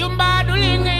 Jumba duling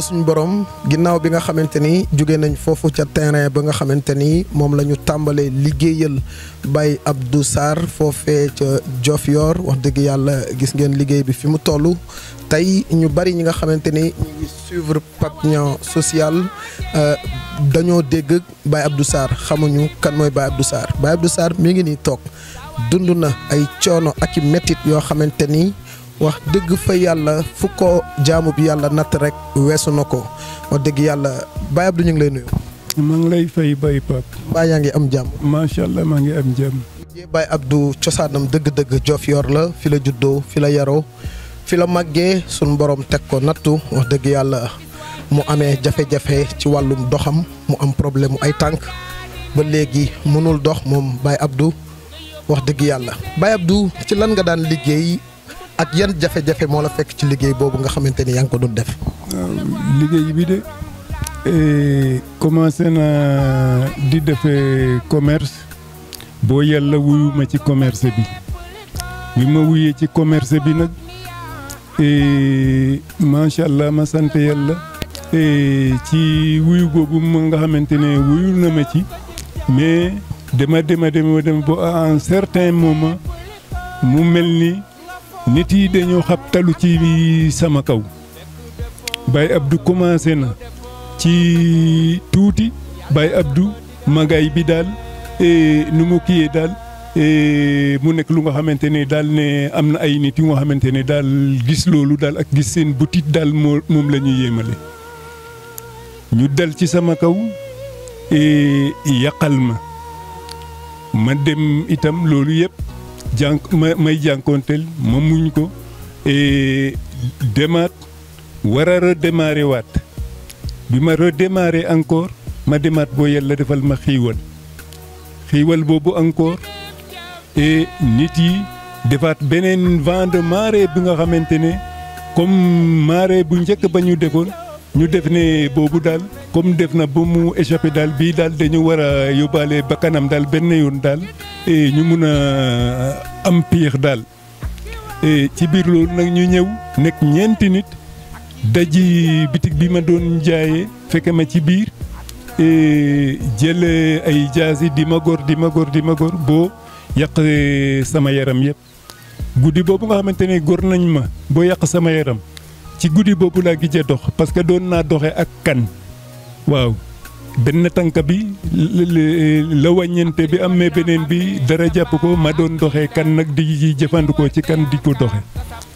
yàlla suñu borom ginnaaw bi nga xamante ni jóge nañ foofu ca terrain ba nga xamante ni moom la ñu tàmbalee liggéeyal Baye Abdou saar foofee ca Diofior wax dëgg yàlla gis ngeen liggéey bi fi mu toll tey ñu bari ñi nga xamante ni ñu ngi suivre Papignon Social euh, dañoo dégg Baye Abdou Sarr xamuñu kan mooy Baye Abdou Sarr Baye Abdou Sarr mi ngi ni toog dund na ay coono ak i métit yoo xamante ni. wax dëgg fa yàlla fu ko jaamu bi yàlla natt rek weesu na ko wax dëgg yàlla Baye Abdou ñu ngi lay nuyu. maa ngi lay fay Baye Pape. yaa ngi am jàmm. macha allah maa ngi am jàmm. Baye Abdou cosaanam dëgg-dëgg Diofior la fi la juddoo fi la yaroo fi la màggee sunu boroom teg ko nattu wax dëgg yàlla mu amee jafe-jafe ci wàllum doxam mu am problème mu ay tànk ba léegi mënul dox moom Baye Abdou wax dëgg yàlla Baye Abdou ci lan nga daan liggéey. ak ça jafé jafé la fekk ci nga ko def. bi de eh, commencé commerce bo yàlla wuyuma ci commerce bi bi ma wuyé commerce bi nak eh, machallah ma sant et eh, ci wuyu nga ne na mais dema dema dema dem un certain moment mu melni nit yi dañoo xab talu ci sama kaw Baye Abdou commencé na ci tuuti Baye Abdou magaay bi daal e, nu mu kiyee daal e, mu nekk lu nga xamante ne daal ne am na ay nit yu nga xamante ne daal gis loolu daal ak gis seen butit daal moo moom la ñuy yéemale ñu dal ci sama kaw e, yàqal ma ma dem itam loolu yëpp jànk ma may jànkoonteel ma muñ ko et demaat war a redémarrer bi ma redémarrer encore ma demaat boo yàlla defal ma xiiwal xiiwal boobu encore et nit yi defaat beneen vent de bi nga xamante ne comme marée bu njëkk ba ñu defoon ñu def ne boobu daal comme def na ba mu échappé daal bii daal dañu war a yóbbaale bakkanam daal benn yoon daal et ñu mun a am piir daal e ci biir loolu nag ñu ñëw nekk ñeenti nit daji bitig bi ma doon jaayee fekke ma ci biir e jël ay jaasi di ma gor di ma gor di ma gor boo yàq sama yaram yëpp guddi boobu nga xamante ne gor nañ ma boo yàq sama yaram ci guddi boobu laa gijee dox parce que doon naa doxe ak kan waaw benn tànk bi la wàññente bi am mais beneen bi dara jàpp ko ma doon doxee kan nag di jëfandikoo ci kan di ko doxe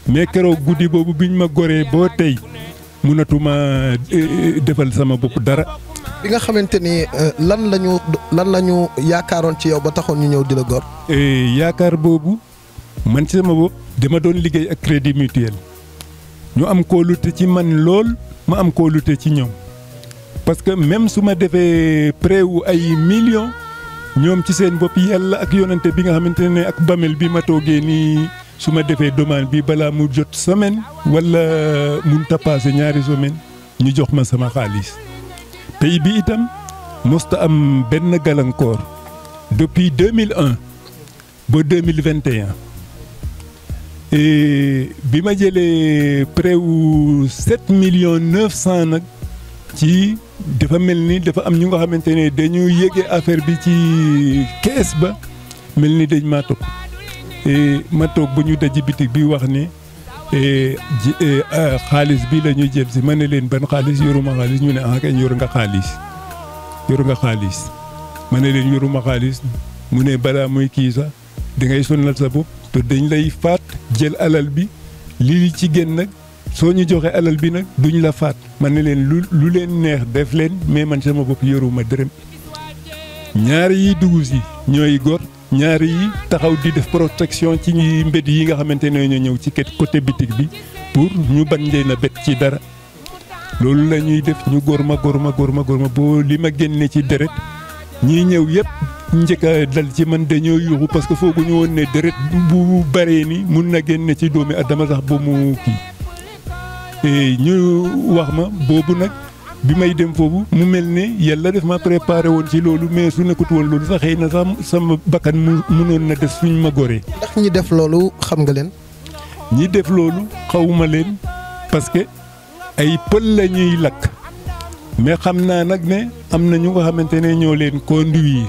mais keroog guddi boobu biñ ma goree boo tey mënatuma eh, eh, defal sama bopp dara. bi nga xamante ni eh, lan la ñu lan la ñu yaakaaroon ci yow ba taxoon ñu ñëw di la gor. yaakaar boobu man ci sama bopp dama doon liggéey ak crédit mutuel. ñu am kóolute ci man lool ma am kóolute ci ñoom parce que même su ma defee prêt wu ay millions ñoom ci seen bopp yàlla ak yonante bi nga xamante ne ak bamel bi ma toogee nii su ma defee demande bi balaa mu jot semaine wala mun ta ñaari semaine ñu jox ma sama xaalis pays bi itam mosta am benn gàllankoor depuis 2001 ba 2021 bi ma jëlee près wu sept millions neuf cent nag ci dafa mel ni dafa am ñu nga xamante ne dañu yëgee affaire bi ci kees ba mel ni dañ maa topp ma toog bu ñu daji bitig bi wax ne euh, xaalis bi la jël si ma ne leen ban xaalis yoruma xaalis ñu ne ah kañ yor nga xaalis yor nga xaalis ma ne leen yoruma xaalis mu ne balaa muy kii sax da ngay sa bopp. te dañ lay faat jël alal bi lii ci génn nag soo ñu joxee alal bi nag duñ la faat man ne leen lu lu leen neex def leen mais man sama bopp yoruma dërëm ñaari yi dugg si ñooy gor ñaari yi taxaw di def protection ci mbedd yi nga xamante ne ñu ñëw ci côté bitik bi pour ñu bañ leen a bet ci dara loolu lañuy def ñu góor ma góor ma góor ma góor ma boo li ma génne ci deret ñuy ñëw yëpp njëkk dal ci man dañoo yuuxu parce que fooguñu woon ne deret bu baree ni mun na génne ci doomi Adama sax ba mu kii ñu wax ma boobu nag bi may dem foofu mu mel ni yàlla def ma préparé woon ci loolu mais su nekkut woon loolu sax xëy na sax sama bakkan mu munoon na des suñ ma goree. ndax ñi def loolu xam nga leen. ñi def loolu xawuma leen parce que ay pël la ñuy lakk. mais xam naa nag ne am na ñu nga xamante ne ñoo leen conduire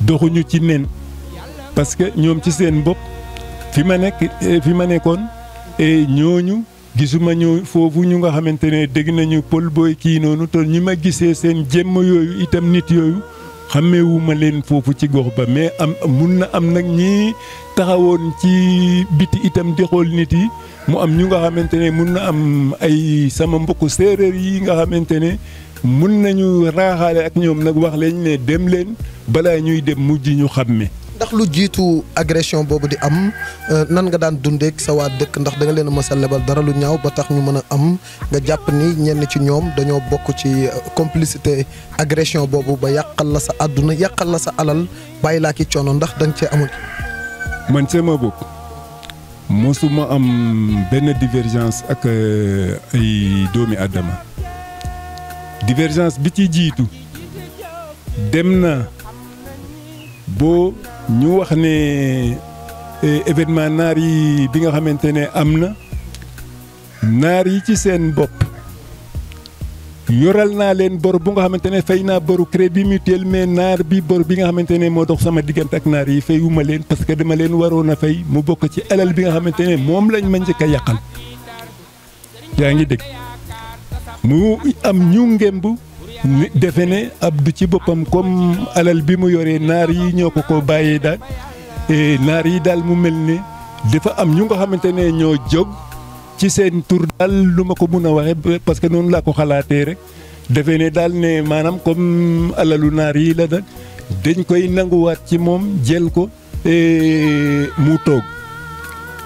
doxuñu ci nen parce que ñoom ci seen bopp fi ma nekk eh, fi ma nekkoon eh, ñooñu gisuma ñu foofu ñu nga xamante ne dégg nañu pol booy kii noonu te ñi ma gisee seen jëmm yooyu itam nit yooyu xàmmeewuma leen foofu ci gox ba mais am mun na am nag ñii taxawoon ci biti itam di xool nit yi mu am ñu nga xamante ne mun na am ay sama mbokk séeréer yi nga xamante ne mun nañu raaxaale ak ñoom nag wax leen ne dem leen balaa ñuy dem mujj ñu xàmme. ndax lu jiitu agression boobu di am euh, nan nga daan dundeek sa waa dëkk ndax da leen a mës a lebal dara lu ñaaw ba tax ñu mën a am nga jàpp ni ñenn ci ñoom dañoo bokk ci euh, complicité agression boobu ba yàqal la sa àdduna yàqal la sa alal bàyyi laa ki coono ndax da nga cee amul. man sama bopp mosuma am benn divergence ak euh, ay doomi aadama divergence bi ci jiitu dem na boo ñu wax ne eh, événement naar yi bi nga xamante ne am na naar yi ci seen bopp yoral naa leen bor bu nga xamante ne fay naa boru crédit mutuel mais naar bi bor bi nga xamante ne moo dox sama diggante ak naar yi fayuma leen parce que dama leen waroon a fay mu bokk ci alal bi nga xamante ne moom lañ ma njëkk a yàqal yaa ngi dégg. mu am ñu ngemb defe ne ab Abdou ci boppam comme alal bi mu yoree naar yi ñoo ko ko bàyyee daal e, naar yi daal mu mel ne dafa am ñu nga xamante ne ñoo jóg ci seen tur daal lu ma ko mun a waxee parce que noonu laa ko xalaatee rek defe ne daal ne maanaam comme alalu naar yi la da dañ koy nanguwaat ci moom jël ko e, mu toog.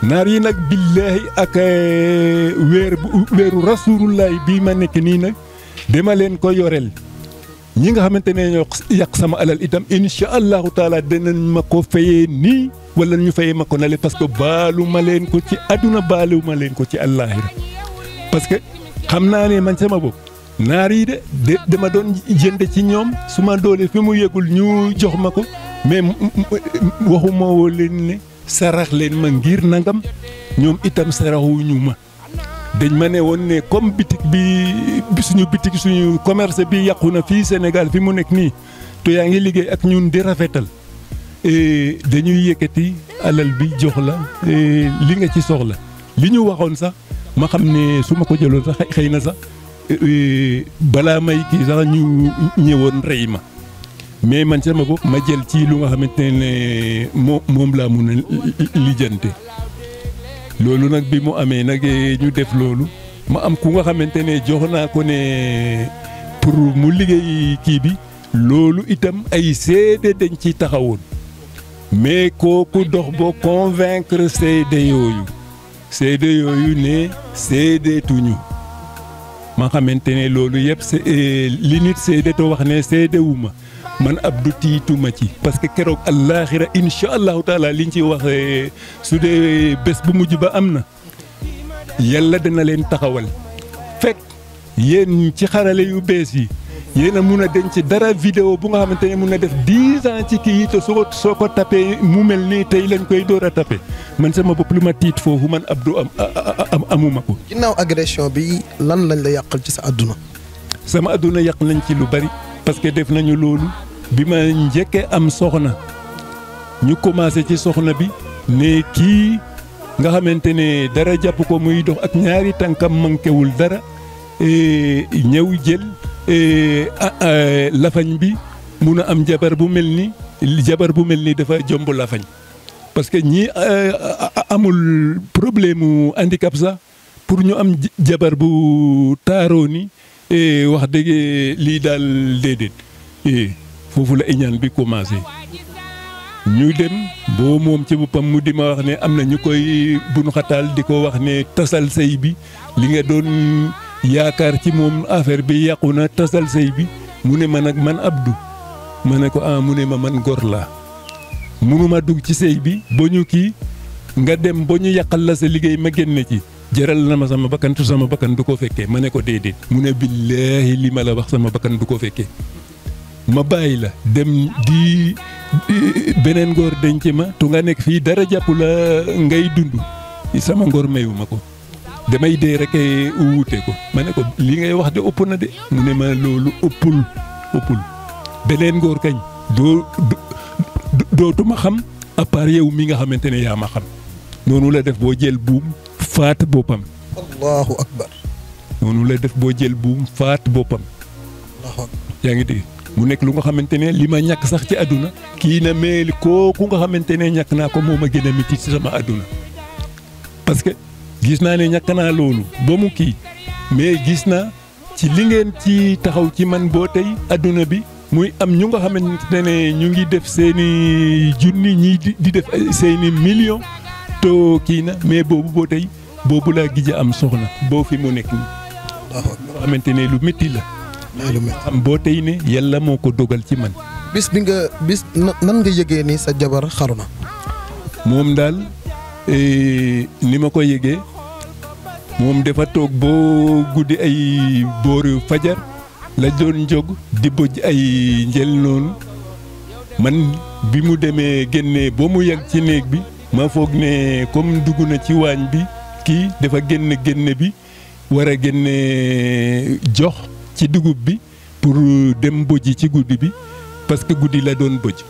naar yi nag billaahi ak eh, weer weeru rasulullahi bii ma nekk nii nag dama leen ko yoreel ñi nga xamante ne ñoo yàq sama alal itam incha allahu taala danañ ma ko fayee nii wala ñu fayee ma ko nale parce que baalu ma leen ko ci àdduna baalu ma leen ko ci àllaaxira parce que xam naa ne man sama bopp naar yi de dama doon jënd ci ñoom su ma doole fi mu yëgul ñu jox ma ko mais waxuma woo leen ne. sarax leen ma ngir nangam ñoom itam saraxuñu ma dañ ma ne woon ne comme bitik bi suñu bitik suñu commerce bi yàqu na fii Sénégal fi mu nekk nii te yaa ngi liggéey ak ñun di rafetal e, dañuy yëkkati alal bi jox la e, li nga ci soxla li ñu waxoon sax ma xam ne su ma ko jëloon sax xëy na sax e, balaa may kii sax ñu ñëwoon rey ma. mais man sama ko ma jël ci lu nga xamante ne moom moom laa mun a lijjante loolu nag bi mu amee nag eh, ñu def loolu ma am ku nga xamante ne jox naa ko ne pour mu liggéey kii bi loolu itam ay seede dañ ci taxawoon mais kooku dox ba convaincre seede yooyu seede yooyu ne seedeetuñu ma xamante ne loolu yëpp eh, li nit seede to wax ne seede ma man Abdou tiituma ci parce que keroog allaaxira incha allahu li ñu ci wax su dee bés bu mujj ba am na yàlla dina leen taxawal fekk yéen ci xarale yu bees yi yéen a mun a denc dara vidéo bu nga xamante ne mun na def dix ans ci kii yi te soo ko soo ko tapé mu mel nii tey lañ koy door a tapé man sama bopp lu ma tiit foofu man Abdou am am amuma ko. ginnaaw agression bi lan lañ la yàqal ci sa àdduna. sama àdduna yàq nañ ci lu bari parce que def nañu loolu. bi ma njëkkee am soxna ñu commencé ci soxna bi ne kii nga xamante ne dara jàpp ko muy dox ak ñaari tànkam mankewul dara e, ñëw jël e, lafañ bi mun a am jabar bu mel ni jabar bu mel ni dafa jomb lafañ parce que ñi amul problème mu handicap sax pour ñu am jabar bu taaroo ni e, wax dëgg lii daal déedéet foofu la iñaan bi commencé ñu dem boo moom ci boppam mu di ma wax ne am na ñu koy bunu xataal di ko wax ne tasal sëy bi li nga doon yaakaar ci moom affaire bi yàqu na tasal sëy bi mu ne ma nag man Abdou ma ne ko ah mu ne ma man gor laa munuma dugg ci sëy bi ba ñu kii nga dem ba ñu yàqal la sa liggéey ma génn ci jëral na ma sama bakkantu tu sama bakkan du ko fekkee ma ne ko déedéet mu ne billaahi li ma la wax sama bakkan du ko fekkee ma bàyyi la dem di beneen ngóor denc ma tu nga nekk fii dara jàpp la ngay dund sama ngóor mayu ma ko damay dee rek e wuute ko ma ne ko li ngay wax de ëpp na de mu ne ma loolu ëppul ëppul beneen ngóor kañ doo dootuma xam à part yow mi nga xamante ne yaa ma xam noonu la def boo jël buum faat boppam. allahu akbar. noonu la def boo jël buum faat boppam. yaa ngi dégg. mu nekk lu nga xamante ne li ma ñàkk sax ci àdduna kii na meel kooku nga xamante ne ñàkk naa ko moom a gën a métti ci sama àdduna parce que gis naa ne ñàkk naa loolu ba mu kii mais gis naa ci li ngeen ci taxaw ci man boo tey àdduna bi muy am ñu nga xamante ne ñu ngi def seeni junni ñii di def seeni million to kii na mais boobu boo tey boobu laa gija am soxna boo fi mu nekk nii nga xamante ne lu métti la xam boo tey ne yàlla moo ko dogal ci man. bis bi nga bis nan nga yëgee ni sa jabar xaru na. moom daal e, ni ma ko yëgee moom dafa toog boo guddi ay booru fajar la doon jóg di bëj ay njël noonu man bi mu demee génne ba mu yàgg ci néeg bi ma foog ne comme dugg na ci waañ bi kii dafa génn génn bi war a génne jox. ci dugub bi pour euh, dem bëji ci guddi bi parce que guddi la doon bëj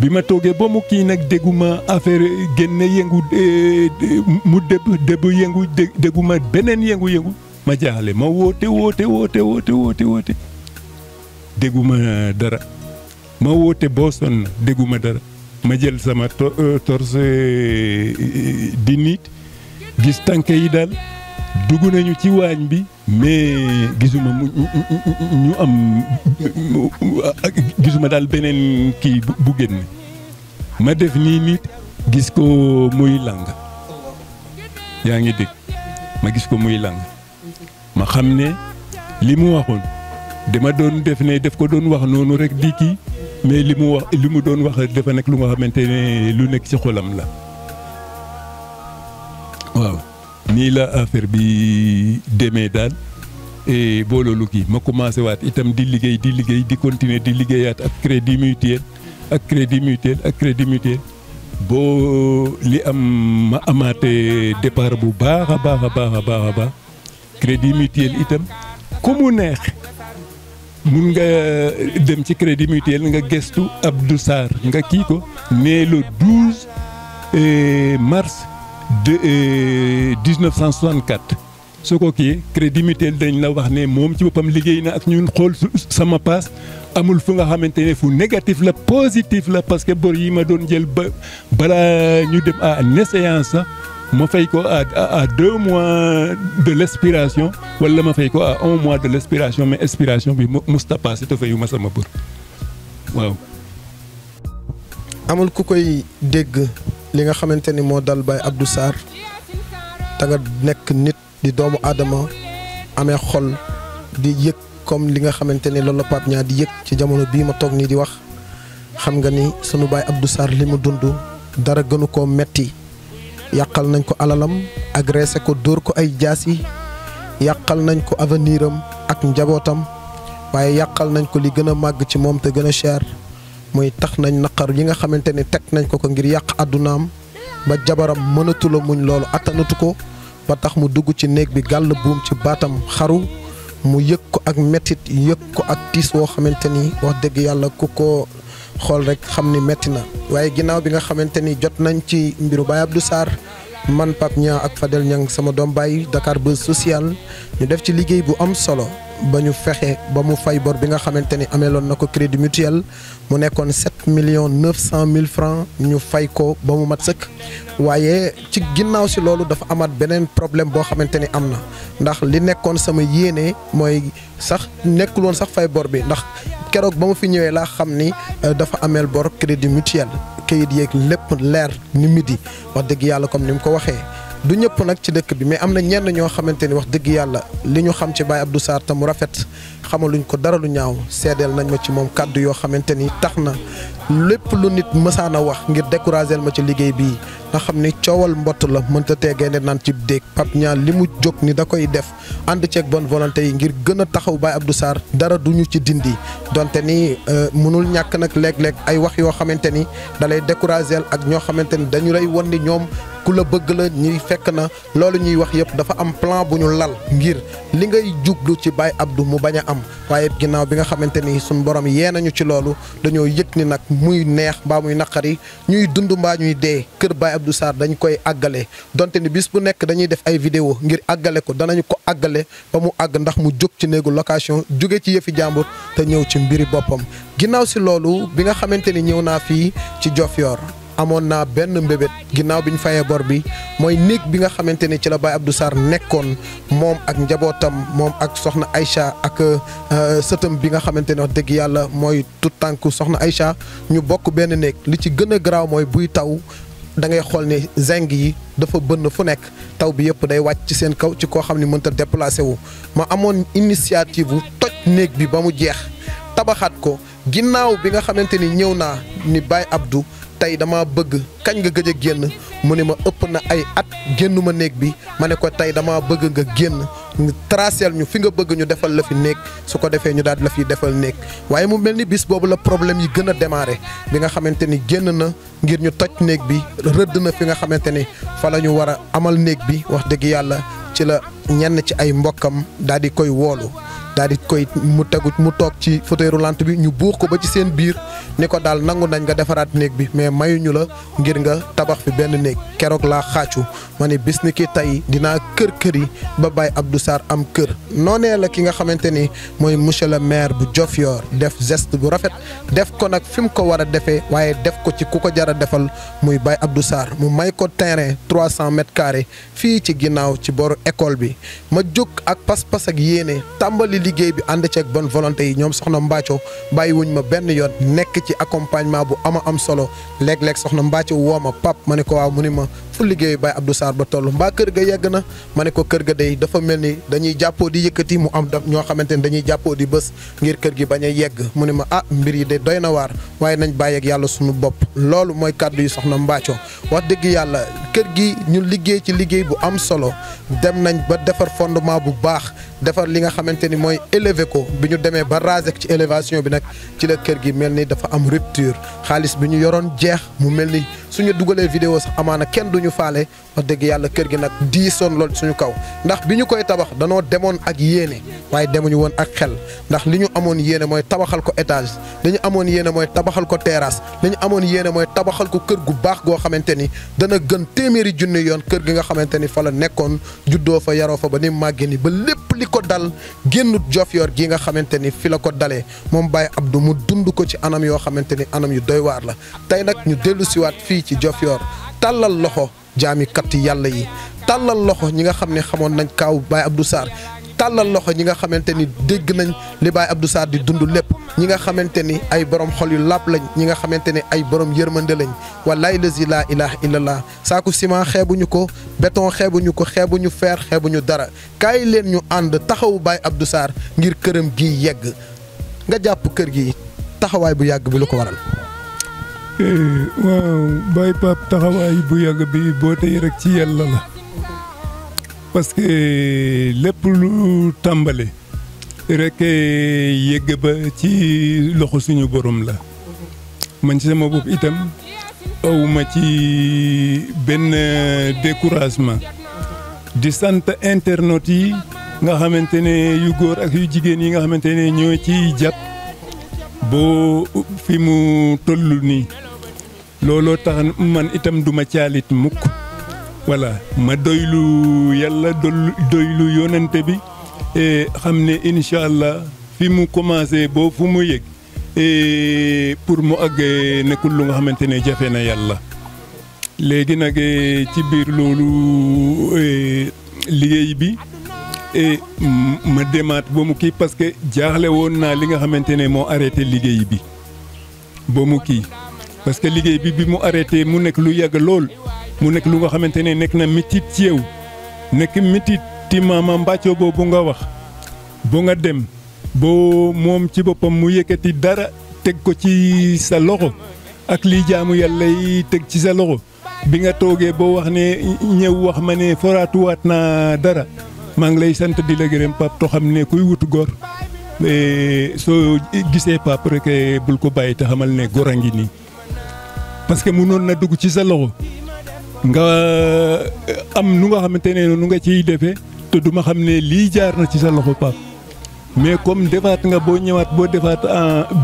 bi ma toogee ba mu kii nag dégguma affaire génne yëngu euh, mu dëb dëb yëngu dégguma beneen yëngu-yëngu ma jaaxle ma woote woote woote woote woote woote dégguma dara ma woote boo sonn dégguma dara ma jël sama euh, torse di nit gis tànk yi daal dugu nañu ci wañ bi mais gisuma mu ñu am gisuma dal benen ki bu génn ma def ni nit gis ko muy lang yaangi ngi ma gis ko muy lang ma xamne limu li mu dama doon def ne def ko doon wax nonu rek di mais limu wax limu doon wax dafa nek lu nga xamantene lu nek ci xolam la waaw nii la affaire bi demee daal et booloolu kii ma commencé waat itam di liggéey di liggéey di continuer di liggéeyaat ak crédit mutuel ak crédit mutuel ak crédit boo li am ma amaate départ bu baax a baax a baax a baax a baax crédit itam ku mu neex mun nga dem ci crédit mutuel nga gestu Abdou Sarr nga kii ko ne le euh, mars de 1964 euh, Ce ko kii crédit mutuel dañ la wax né mom ci bopam liggéey na ak ñun xol sama passe amul fu nga xamantene fu négatif la positif la parce que bor yi ma doon jël ba balaa ñu dem à échéance ma fay ko à à deux mois de l'expiration wala ma fay ko à un mois de l'expiration mais expiration bi Moustapha c'est te ma sama bor waaw. amul ku koy dégg. li nga xamante ni moo dal Baye Abdou Sarr te nga nekk nit di doomu aadama amee xol di yëg comme li nga xamante ni loolu la Pape Niang di yëg ci jamono bii ma toog nii di wax xam nga ni sunu Baye Abdou Sarr li mu dund dara gënu koo metti yàqal nañ ko alalam agressé ko dóor ko ay jaas yi yàqal nañ ko avenir am ak njabootam waaye yàqal nañ ko li gën a màgg ci moom te gën a cher moy tax nañ naqar yi nga xamanteni tek nañ ko ko ngir yaq adunaam ba jabaram mënatu la muñ loolu atanatu ko ba tax mu dugg ci neeg bi gàll buum ci baatam xaru mu yëg ko ak mettit yëg ko ak tiis woo xamante wax dëgg yàlla ku ko xool rek xam metti na waaye ginnaaw bi nga xamante jot nañ ci mbiru baye abdou sar man pap ña ak fadel ñang sama doom bàyyi dakar bu social ñu def ci liggéey bu am solo bañu fexé fexe ba mu fay bor bi nga crédit mutuel mu nekkoon 7 millions neuf francs ñu fay ko ba mu mat sëkk wayé ci ginnaw ci lolu dafa amat problème bo xamanteni amna ndax li nekkoon sama yéné moy sax nekkul won sax fay bor bi ndax kérok ba fi ñëwé la xamni crédit mutuel kayit yeeg lepp lèr ni midi wax dëgg yalla comme du ñëpp nag ci dëkk bi mais am na ñenn ñoo xamante ni wax dëgg yàlla li ñu xam ci Baye Abdou Sarr te mu rafet xamaluñ ko dara lu ñaaw seddal nañ ma ci moom kàddu yoo xamante ni tax na lépp lu nit mësaan a wax ngir découragé ma ci liggéey bii nga xam ni coowal mbott la mënta teegee ne naan ci déeg Pape Niang li mu jóg ni da koy def ànd ceeg bon volonté yi ngir gën a taxaw Baye Abdou Sarr dara duñu ci dindi donte ni euh, mënul ñàkk nag léeg-léeg ay wax yoo xamante ni dalay lay découragé ak ñoo xamante ni dañu lay won ni ñoom ku la bëgg la ñuy fekk na loolu ñuy wax yëpp dafa am plan bu ñu lal ngir li ngay juglu ci Baye Abdou mu bañ a am waaye ginnaaw bi nga xamante ni suñu borom yee nañu ci loolu dañoo ni nag muy neex mbaa muy naqari ñuy dund mbaa ñuy dee kër Baye Abdou Sarr dañ koy àggale donte ni bis bu nekk dañuy def ay vidéo ngir àggale ko danañu ko àggale ba mu àgg ndax mu jóg ci néegu location jóge ci yëfi jàmbur te ñëw ci mbiri boppam ginnaaw si loolu bi nga xamante ni ñëw naa fii ci Diofior amoon naa benn mbébét ginnaaw bi ñu fayee bor bi mooy néeg bi nga xamante ni ci la Baye Abdou Sarr nekkoon moom ak njabootam moom ak soxna Aïcha ak euh, sëtam bi nga xamante ne wax dëgg yàlla mooy tout tànk soxna Aïcha ñu bokk benn néeg li ci gën a garaaw mooy buy taw da ngay xool ne zinc yi dafa bënn fu nekk taw bi yëpp day wàcc ci seen kaw ci koo xam ne mënta déplacé wu ma amoon initiative bu toj néeg bi ba mu jeex tabaxaat ko ginnaaw bi nga xamante ni ñëw naa ni Baye Abdou tey dama bëgg kañ nga gëj a génn mu ni ma ëpp na ay at génnuma néeg bi ma ne ko tey dama bëgg nga génn tracel ñu fi nga bëgg ñu defal la fi néeg su ko defee ñu daal la fi defal néeg waaye mu mel ni bis boobu la problème yi gën a démarré bi nga xamante ni génn na ngir ñu toj néeg bi rëdd na fi nga xamante ni fa la ñu war a amal néeg bi wax dëgg yàlla ci la ñenn ci ay mbokkam daal di koy woolu daal di koy mu tegu mu toog ci fauteuil lant bi ñu buux ko ba ci seen biir ni ko daal nangu nañ nga defaraat néeg bi mais mayuñu la ngir nga tabax fi benn néeg keroog laa xaacu ma ne bis ni ki tey dinaa kër kër yi ba Baye Abdou Sarr am kër noonee la ki nga xamante ni mooy monsieur le maire bu Diofior def geste bu rafet def ko nag fi mu ko war a defee waaye def ko ci ku ko jar a defal muy Baye Abdou Sarr mu may ko terrain trois cent mètres carrés fii ci ginnaaw ci boru école bi ma jóg ak pas-pas ak yéene tàmbali liggéey bi ànd ceeg bon volonté yi ñoom soxna Mbacco bàyyiwuñ ma benn yoon nekk ci accompagnement bu ama am solo léeg-léeg soxna Mbacco woo ma pap ma ne ko waaw mu ni ma fu liggéey bay abdou sar ba toll mbaa kër ga yegg na ma ko kër ga day dafa mel ni dañuy jàppoo di yëkkati mu am ñoo xamante ne dañuy jàppoo di bës ngir kër gi bañ a yegg mu ma ah mbir yi de doy na waar waaye nañ bàyyi ak yàlla suñu bopp loolu mooy kàddu yi soxna mbaaco wax dëgg yàlla kër gi ñu liggéey ci liggéey bu am solo dem nañ ba defar fondement bu baax defar li nga xamante ni mooy élever ko bi ñu demee ba raser ci élévation bi nag ci la kër gi mel ni dafa am rupture xaalis bi ñu yoroon jeex mu mel ni suñu dugalee vidéo sax amaana kenn du ñu faale wax dégg yàlla kër gi nag diisoon lool suñu kaw ndax bi ñu koy tabax danoo demoon ak yéene waaye demuñu woon ak xel ndax li ñu amoon yéene mooy tabaxal ko étage li ñu amoon yéene mooy tabaxal ko terrasse li ñu amoon yéene mooy tabaxal ko kër gu baax goo xamante ni dana gën téeméeri junni yoon kër gi nga xamante ni fa la nekkoon juddoo fa yaroo fa ba ni màggee ni ba lépp li ko dal génn Diofior gi nga xamante ni fi la ko dalee moom Baye Abdou mu dund ko ci anam yoo xamante ni anam yu doy la tey nag ñu dellu siwaat fii ci Diofior tàllal loxo jaamikat yàlla yi tàllal loxo ñi nga xam ne xamoon nañ kaaw Baye Abdou Sarr tàllal loxo ñi nga xamante ni dégg nañ li Baye Abdou saar di dund lépp ñi nga xamante ni ay borom xol yu làpp lañ ñi nga xamante ni ay borom yërmande lañ wallaay lazi laa ilaha illallah saaku ciment xeebuñu ko béton xeebuñu ko ñu xeebuñu fer ñu dara kaay leen ñu ànd taxawu Baye Abdou saar ngir këram gi yegg nga jàpp kër gi taxawaay bu yàgg bi lu ko waral waaw Baye Pape taxawaay bu yàgg bi boo tey rek ci yàlla la parce que lépp lu tàmbale rek yëgg ba ci loxo suñu borom la man ci sama bopp itam awma ci benn découragement di sant internet yi nga xamante ne yu góor ak yu jigéen yi nga xamante ne ñoo ci jàpp boo fi mu toll nii looloo tax man itam duma caalit mukk voilà ma doylu yàlla doylu yonante bi e xam ne incha allah fi mu commencé boo fu mu yëg e pour mu àgg nekkul lu nga xamante ne jafe na yàlla léegi nag e ci biir loolu liggéey bi ma demaat ba mu kii parce que jaaxle woon naa li nga xamante ne moo arrêté liggéey bi ba mu kii parce que liggéey bi bi mu arrêté mu nekk lu yàgg lool mu nekk lu nga xamante ne nekk na métit ci yow nekk métit ti maama mbàccoo boobu nga wax bu nga dem boo moom ci boppam mu yëkkati dara teg ko ci sa loxo ak lii jaamu yàlla yi teg ci sa loxo bi nga toogee boo wax ne ñëw wax ma ne foraatuwaat naa dara maa ngi lay sant di la gërëm pap to xam ne kuy wutu góor eh, soo gisee pap rek eh, bul ko bàyyi te xamal ne góor a ngi nii parce que mënoon na dugg ci sa loxo nga euh, am nu nga xamante ne nu nga ciy defee te duma xam ne lii jaar na ci sa loxo Pape mais comme defaat nga boo ñëwaat boo defaat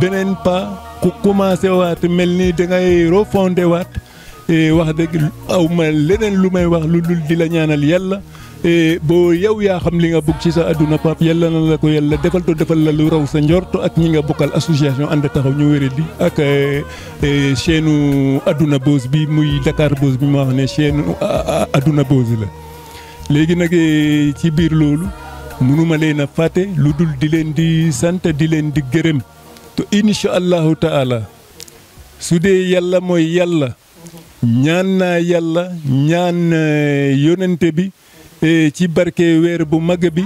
beneen pas ku commencé waat mel ni dangay refondé waat wax dëgg aw ma leneen lu may wax lu dul di la ñaanal yàlla. Eh, boo yow yaa xam li nga bugg ci sa àdduna pap yàlla na la ko yàlla defal to defal la lu raw sa njort ak ñi nga bokkal association ànd taxaw ñu wéré di ak eh, eh, chaîne adduna boos bi muy Dakar Buzz bi ma wax ne chaîne àdduna boos la léegi nag ci biir loolu mënuma leen a fàtte lu dul di leen di sant di leen di gërëm te incha allahu taala su dee yàlla mooy yàlla ñaan naa yàlla ñaan yonente bi E, ci barke weer bu mag bi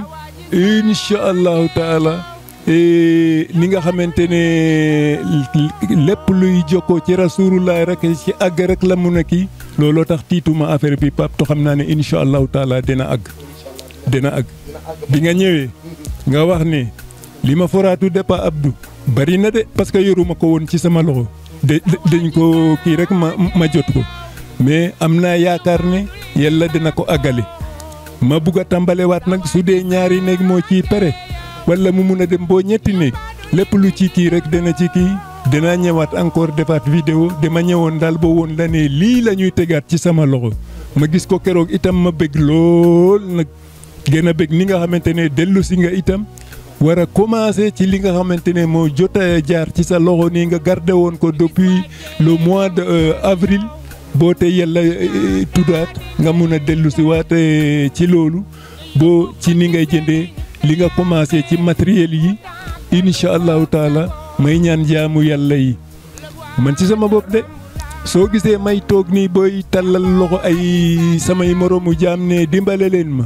incha allahu taala e, ni nga xamante ne lépp luy jokkoo ci rasulullah rek ci àgg rek la mun a kii looloo tax tiituma affaire bi pap xam naa ne incha allahu taala dina àgg dina àgg bi nga ñëwee nga wax ne li ma foraatu déppa Abdou bari na de parce que yoruma ko woon ci sama loxo de dañ ko kii rek ma ma jot ko mais am naa yaakaar ne yàlla dina ko àggale ma bugg a tàmbalewaat nag su dee ñaari néeg moo ciy pare wala mu mun a dem boo ñetti néeg lépp lu ci kii rek dana ci kii dinaa ñëwaat encore defaat vidéo dama ñëwoon daal boo woon la ne lii la ñuy tegaat ci sama loxo ma gis ko keroog itam ma bëgg lool nag gën a bëgg ni nga xamante ne dellu si nga itam war a commencer ci li nga xamante ne moo jot a jaar ci sa loxo nii nga garder woon ko depuis le mois de euh, avril. boo te yàlla eh, eh, tuddaat nga mun a dellu si waat eh, ci loolu boo ci ni ngay jëndee li nga commencé ci matériel yi incha allahu taala may ñaan jaamu yàlla yi man ci sama bopp de soo gisee may toog nii booy tàllal loxo ay samay moroomu jaam ne dimbale leen ma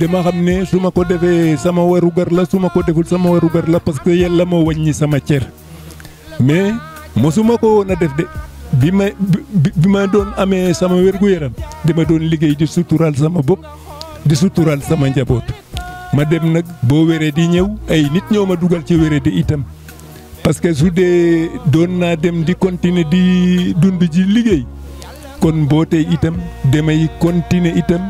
dama xam ne su ma ko defee sama warugar la su ma ko deful sama warugar la parce que yàlla moo wàññi sama cër mais mosuma ko woon a def de bi ma bi ma doon amee sama wér-gu-yaram dama doon liggéey di suturaal sama bopp di suturaal sama njaboot ma dem nag boo wéree di ñëw ay nit ñëw ma dugal ci wéree di itam parce que su dee doon naa dem di continuer di dund ji liggéey kon mbootee itam damay continuer itam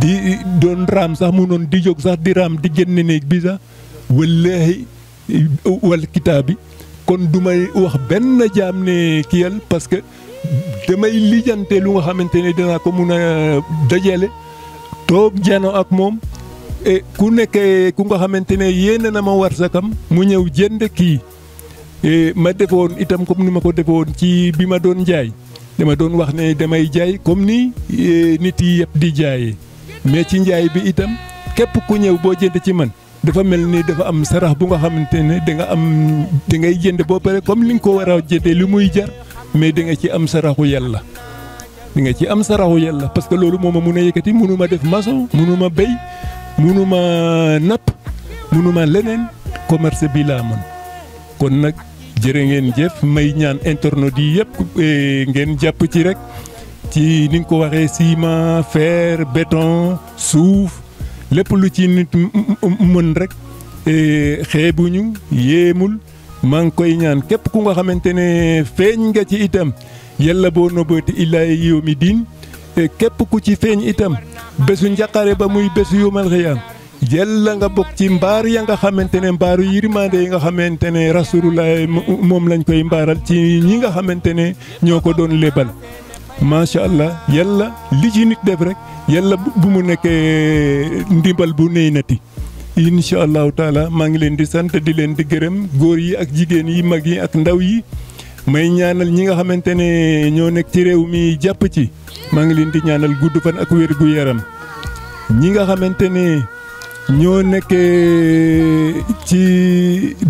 di doon raam sax mu noon di jóg sax di raam di génn néeg bi sax wallaahi wal kitaabi kon du may wax benn jaam ne kiyal parce que damay lijjante lu nga xamante ne dana ko mun a euh, dajale toog jano ak moom e ku nekkee ku nga xamante ne yéen na ma war sakam mu ñëw jënd kii e ma defoon itam comme ni ma ko defoon ci bi ma doon jaay dama doon wax ne damay jaay comme ni e, nit yi yëpp di jaayee mais ci njaay bi itam képp ku ñëw boo jënd ci man dafa mel ni dafa am sarax bu nga xamante da nga am da ngay jënd boo pare comme li nga ko war a jëndee li muy jar mais da nga ci am saraxu yàlla da nga ci am saraxu yàlla parce que loolu mooma mun a yëkkati def maçon mënuma bay mënuma nap, mënuma lenen, commerce bi laa mën kon nag jërë ngeen jëf may ñaan internet yi yëpp e, ngeen jàpp ci rek ci ni ko waxee ciment fer béton suuf lépp lu ci nit mën e, xeebu ñu yéemul maa ngi koy ñaan képp ku nga xamante ne feeñ nga ci itam yàlla boo nëbëti illaa yawmi diin e, képp ku ci feeñ itam bésu njaqare ba muy bésu yawmal xiyaam yàlla nga bokk ci mbaar ya nga xamante ne mbaaru yirmande yi nga xamante ne rasulullah moom lañ koy mbaaral ci ñi nga xamante ne ñoo ko doon lebal macha allah yàlla li ci nit def rek yàlla bu mu nekkee ndimbal bu néy nati incha allahu taala maa ngi leen di sant di leen di gërëm góor yi ak jigéen yi mag yi ak ndaw yi may ñaanal ñi nga xamante ne ñoo nekk ci réew mi jàpp ci maa ngi leen di ñaanal gudd fan ak wér ñi nga xamante ne ñoo nekkee ci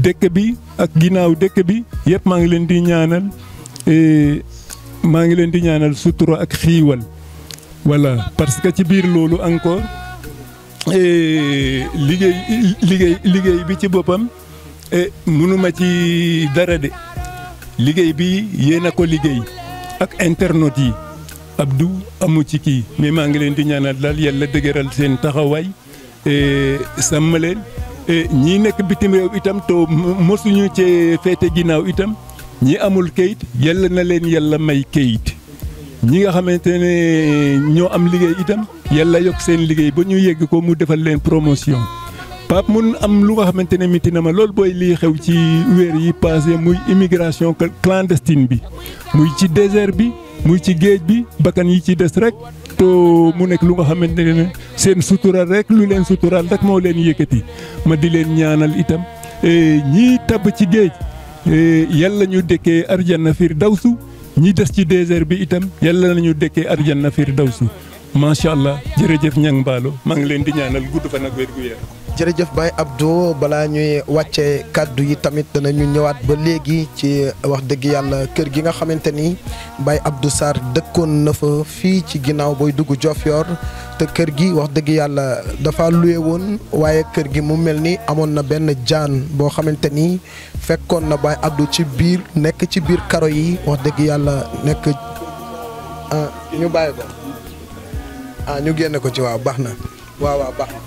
dëkk bi ak ginnaaw dëkk bi yëpp maa ngi leen di ñaanal. Eh, maa ngi leen di ñaanal sutura ak xiiwal voilà parce que ci biir loolu encore eh, liggéey liggéey liggéey bi ci boppam eh, mënuma ci dara de liggéey bi yéen a ko liggéey ak internautes yi Abdou amu ci kii mais maa ngi leen di ñaanal daal yàlla dëgëral seen taxawaay eh, sàmm leen ñii nekk bitim réew itam to mosuñu cee feete ginnaaw itam ñi amul kayit yàlla na leen yàlla may kayit ñi nga xamante ne ñoo am liggéey itam yàlla yokk seen liggéey ba ñu yegg ko mu defal leen promotion. Pape mun am lu nga xamante ne mitti na ma lool booy lii xew ci weer yi passé muy immigration clandestine bi muy ci désert bi muy ci géej bi bakkan yi ci des rek. to mu nekk lu nga xamante ne seen sutural rek lu leen sutural rek moo leen yëkkati ma di leen ñaanal itam eh, ñii tabb ci géej. Eh, yàlla ñu dëkkee arjanna firdawsu ñi des ci désert bi itam yàlla ñu dëkkee arjanna firdawsu macha allah jërëjëf ñang mbaalo maa ngi leen di ñaanal gudd fa nag wér gu yaram jërëjëf Baye Abdou balaa ñuy wàcce kàddu yi tamit danañu ñëwaat ba léegi ci eh, wax dëgg yàlla kër gi nga xamante ni Baye Abdou Sarr dëkkoon na fa fii ci ginnaaw booy dugg Diofior te kër gi wax dëgg yàlla dafa luye woon waaye kër gi mu mel ni amoon na benn jaan boo xamante ni fekkoon na Baye Abdou ci biir nekk ci biir karo yi wax dëgg yàlla nekk ah, ñu bàyyi ko ah ñu génne ko ci waaw waaw baax na